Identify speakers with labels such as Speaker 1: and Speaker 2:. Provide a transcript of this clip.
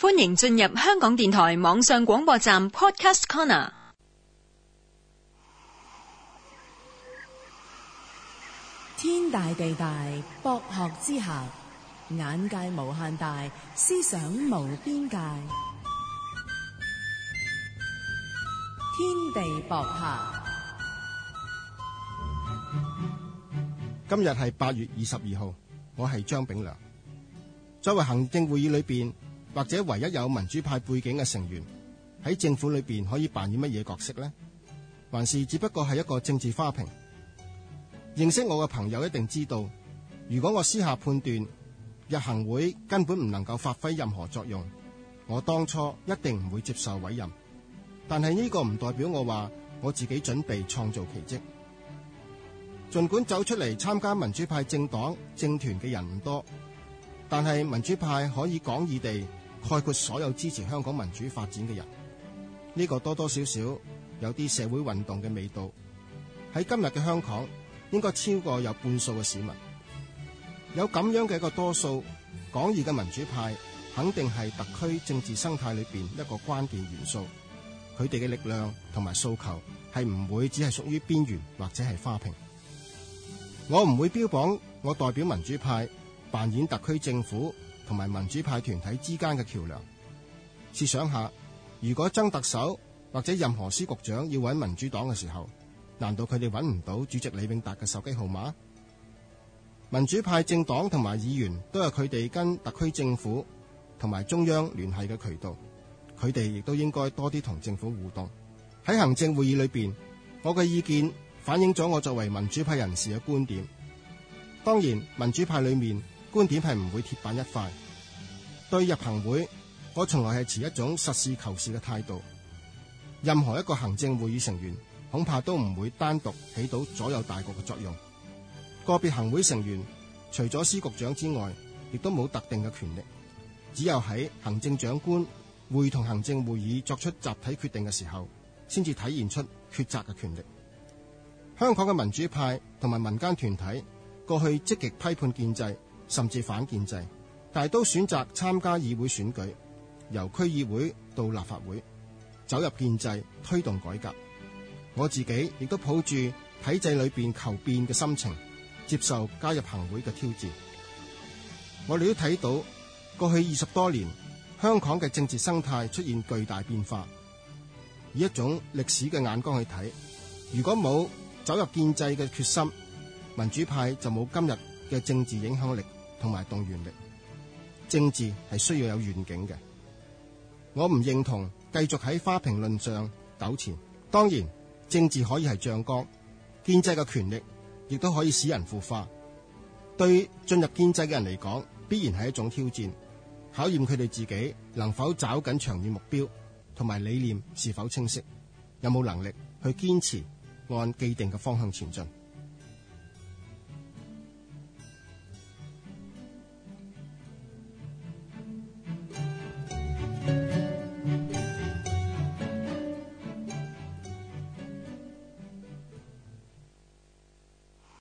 Speaker 1: 歡迎進入香港電台網上廣播站 Podcast Corner。天大地大，博學之下；眼界無限大，思想無邊界。天地博客，今日係八月二十二號，我係張炳良。作為行政會議裏邊。或者唯一有民主派背景嘅成員喺政府裏邊可以扮演乜嘢角色呢？還是只不過係一個政治花瓶？認識我嘅朋友一定知道，如果我私下判斷，日行會根本唔能夠發揮任何作用，我當初一定唔會接受委任。但係呢個唔代表我話我自己準備創造奇跡。盡管走出嚟參加民主派政黨政團嘅人唔多，但係民主派可以講異地。概括所有支持香港民主發展嘅人，呢、這個多多少少有啲社會運動嘅味道。喺今日嘅香港，應該超過有半數嘅市民有咁樣嘅一個多數，廣義嘅民主派肯定係特區政治生態裏邊一個關鍵元素。佢哋嘅力量同埋訴求係唔會只係屬於邊緣或者係花瓶。我唔會標榜我代表民主派扮演特區政府，同埋民主派團體之間嘅橋樑，試想下，如果曾特首或者任何司局長要揾民主黨嘅時候，難道佢哋揾唔到主席李永達嘅手機號碼？民主派政黨同埋議員都有佢哋跟特區政府同埋中央聯繫嘅渠道，佢哋亦都應該多啲同政府互動。喺行政會議裏面，我嘅意見反映咗我作為民主派人士嘅觀點。當然，民主派裏面。觀點係唔會鐵板一塊。對入行會，我從來係持一種實事求是嘅態度。任何一個行政會議成員恐怕都唔會單獨起到左右大局嘅作用。個別行會成員除咗司局長之外，亦都冇特定嘅權力。只有喺行政長官會同行政會議作出集體決定嘅時候，先至體現出抉擇嘅權力。香港嘅民主派同埋民間團體過去積極批判建制。甚至反建制，但都選擇參加議會選舉，由區議會到立法會，走入建制推動改革。我自己亦都抱住體制裏邊求變嘅心情，接受加入行會嘅挑戰。我哋都睇到過去二十多年，香港嘅政治生態出現巨大變化。以一種歷史嘅眼光去睇，如果冇走入建制嘅決心，民主派就冇今日嘅政治影響力。同埋動員力，政治係需要有願景嘅。我唔認同繼續喺花瓶論上糾纏。當然，政治可以係醬缸，建制嘅權力亦都可以使人腐化。對進入建制嘅人嚟講，必然係一種挑戰，考驗佢哋自己能否找緊長遠目標，同埋理念是否清晰，有冇能力去堅持按既定嘅方向前進。